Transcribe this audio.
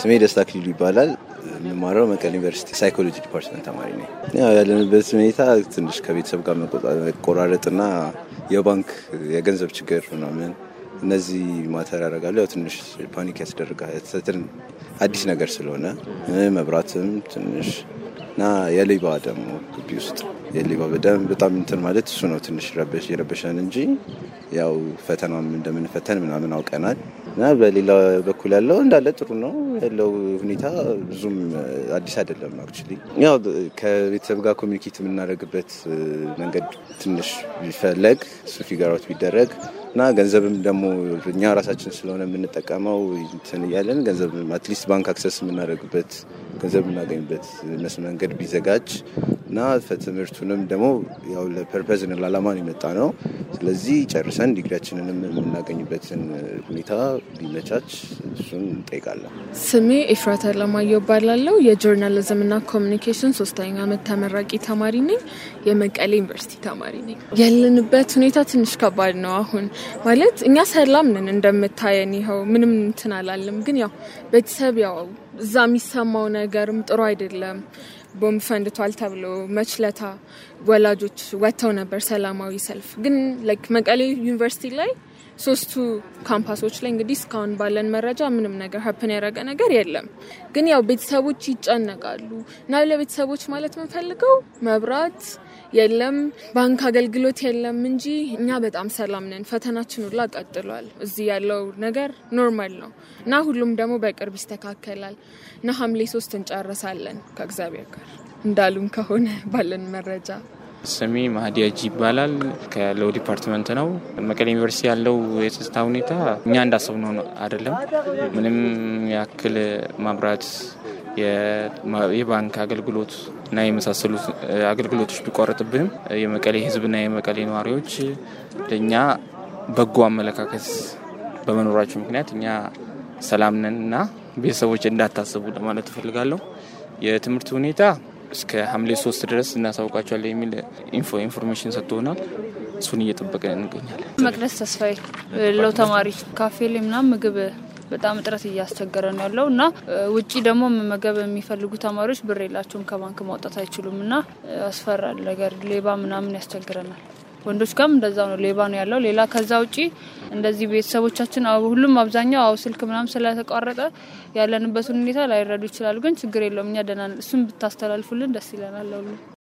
ስሜ ደስታ አክሊሉ ይባላል። የምማረው መቀሌ ዩኒቨርሲቲ ሳይኮሎጂ ዲፓርትመንት ተማሪ ነኝ። ያው ያለንበት ሁኔታ ትንሽ ከቤተሰብ ጋር መቆራረጥና የባንክ የገንዘብ ችግር ምናምን እነዚህ ማተር ያደርጋሉ። ያው ትንሽ ፓኒክ ያስደርጋል። አዲስ ነገር ስለሆነ መብራትም ትንሽ እና የሌባ ደግሞ ግቢ ውስጥ የሌባ በደም በጣም እንትን ማለት እሱ ነው ትንሽ የረበሸን እንጂ ያው ፈተናም እንደምንፈተን ምናምን አውቀናል። እና በሌላ በኩል ያለው እንዳለ ጥሩ ነው ያለው ሁኔታ ብዙም አዲስ አይደለም። አክቹዋሊ ያው ከቤተሰብ ጋር ኮሚኒኬት የምናደርግበት መንገድ ትንሽ ቢፈለግ እሱ ፊገራት ቢደረግ እና ገንዘብም ደግሞ እኛ ራሳችን ስለሆነ የምንጠቀመው እንትን እያለን ገንዘብ አትሊስት ባንክ አክሰስ የምናደርግበት ገንዘብ የምናገኝበት መንገድ ቢዘጋጅ እና ትምህርቱንም ደግሞ ያው ለፐርፐዝን ለዓላማን የመጣ ነው። ስለዚህ ጨርሰን ዲግሪያችንንም የምናገኝበትን ሁኔታ ቢመቻች እሱን እንጠይቃለን። ስሜ ኤፍራት አለማየሁ እባላለሁ። የጆርናሊዝም ና ኮሚኒኬሽን ሶስተኛ ዓመት ተመራቂ ተማሪ ነኝ። የመቀሌ ዩኒቨርሲቲ ተማሪ ነኝ። ያለንበት ሁኔታ ትንሽ ከባድ ነው። አሁን ማለት እኛ ሰላም ነን እንደምታየን፣ ይኸው ምንም እንትን አላለም። ግን ያው ቤተሰብ ያው እዛ የሚሰማው ነገርም ጥሩ አይደለም ቦምብ ፈንድቷል ተብሎ መችለታ ወላጆች ወጥተው ነበር ሰላማዊ ሰልፍ ግን መቀሌ ዩኒቨርሲቲ ላይ ሶስቱ ካምፓሶች ላይ እንግዲህ እስካሁን ባለን መረጃ ምንም ነገር ሀፕን ያደረገ ነገር የለም። ግን ያው ቤተሰቦች ይጨነቃሉ እና ለቤተሰቦች ማለት የምንፈልገው መብራት የለም፣ ባንክ አገልግሎት የለም እንጂ እኛ በጣም ሰላም ነን። ፈተናችን ሁላ ቀጥሏል። እዚህ ያለው ነገር ኖርማል ነው እና ሁሉም ደግሞ በቅርብ ይስተካከላል እና ሐምሌ ሶስት እንጨርሳለን ከእግዚአብሔር ጋር እንዳሉን ከሆነ ባለን መረጃ ስሜ ማህዲ ያጂ ይባላል። ከለው ዲፓርትመንት ነው። መቀሌ ዩኒቨርሲቲ ያለው የጸጥታ ሁኔታ እኛ እንዳሰብነው አይደለም። ምንም ያክል ማብራት፣ የባንክ አገልግሎት እና የመሳሰሉት አገልግሎቶች ቢቋረጥብህም የመቀሌ ሕዝብና የመቀሌ ነዋሪዎች ለእኛ በጎ አመለካከት በመኖራቸው ምክንያት እኛ ሰላም ነን እና ቤተሰቦች እንዳታስቡ ለማለት እፈልጋለሁ። የትምህርት ሁኔታ እስከ ሐምሌ ሶስት ድረስ እናሳውቃቸዋለን የሚል ኢንፎ ኢንፎርሜሽን ሰጥቶናል። እሱን እየጠበቀ እንገኛለን። መቅደስ ተስፋዬ ለው ተማሪ ካፌ ላይ ምናምን ምግብ በጣም እጥረት እያስቸገረ ነው ያለው እና ውጭ ደግሞ መመገብ የሚፈልጉ ተማሪዎች ብር የላቸውም፣ ከባንክ ማውጣት አይችሉም እና አስፈራል ነገር ሌባ ምናምን ያስቸግረናል። ወንዶች ጋርም እንደዛ ነው። ሌባ ነው ያለው። ሌላ ከዛ ውጪ እንደዚህ ቤተሰቦቻችን ሁሉም አብዛኛው አው ስልክ ምናምን ስለተቋረጠ ያለንበትን ሁኔታ ላይረዱ ይችላሉ። ግን ችግር የለውም እኛ ደህና ነን። እሱን ብታስተላልፉልን ደስ ይለናል።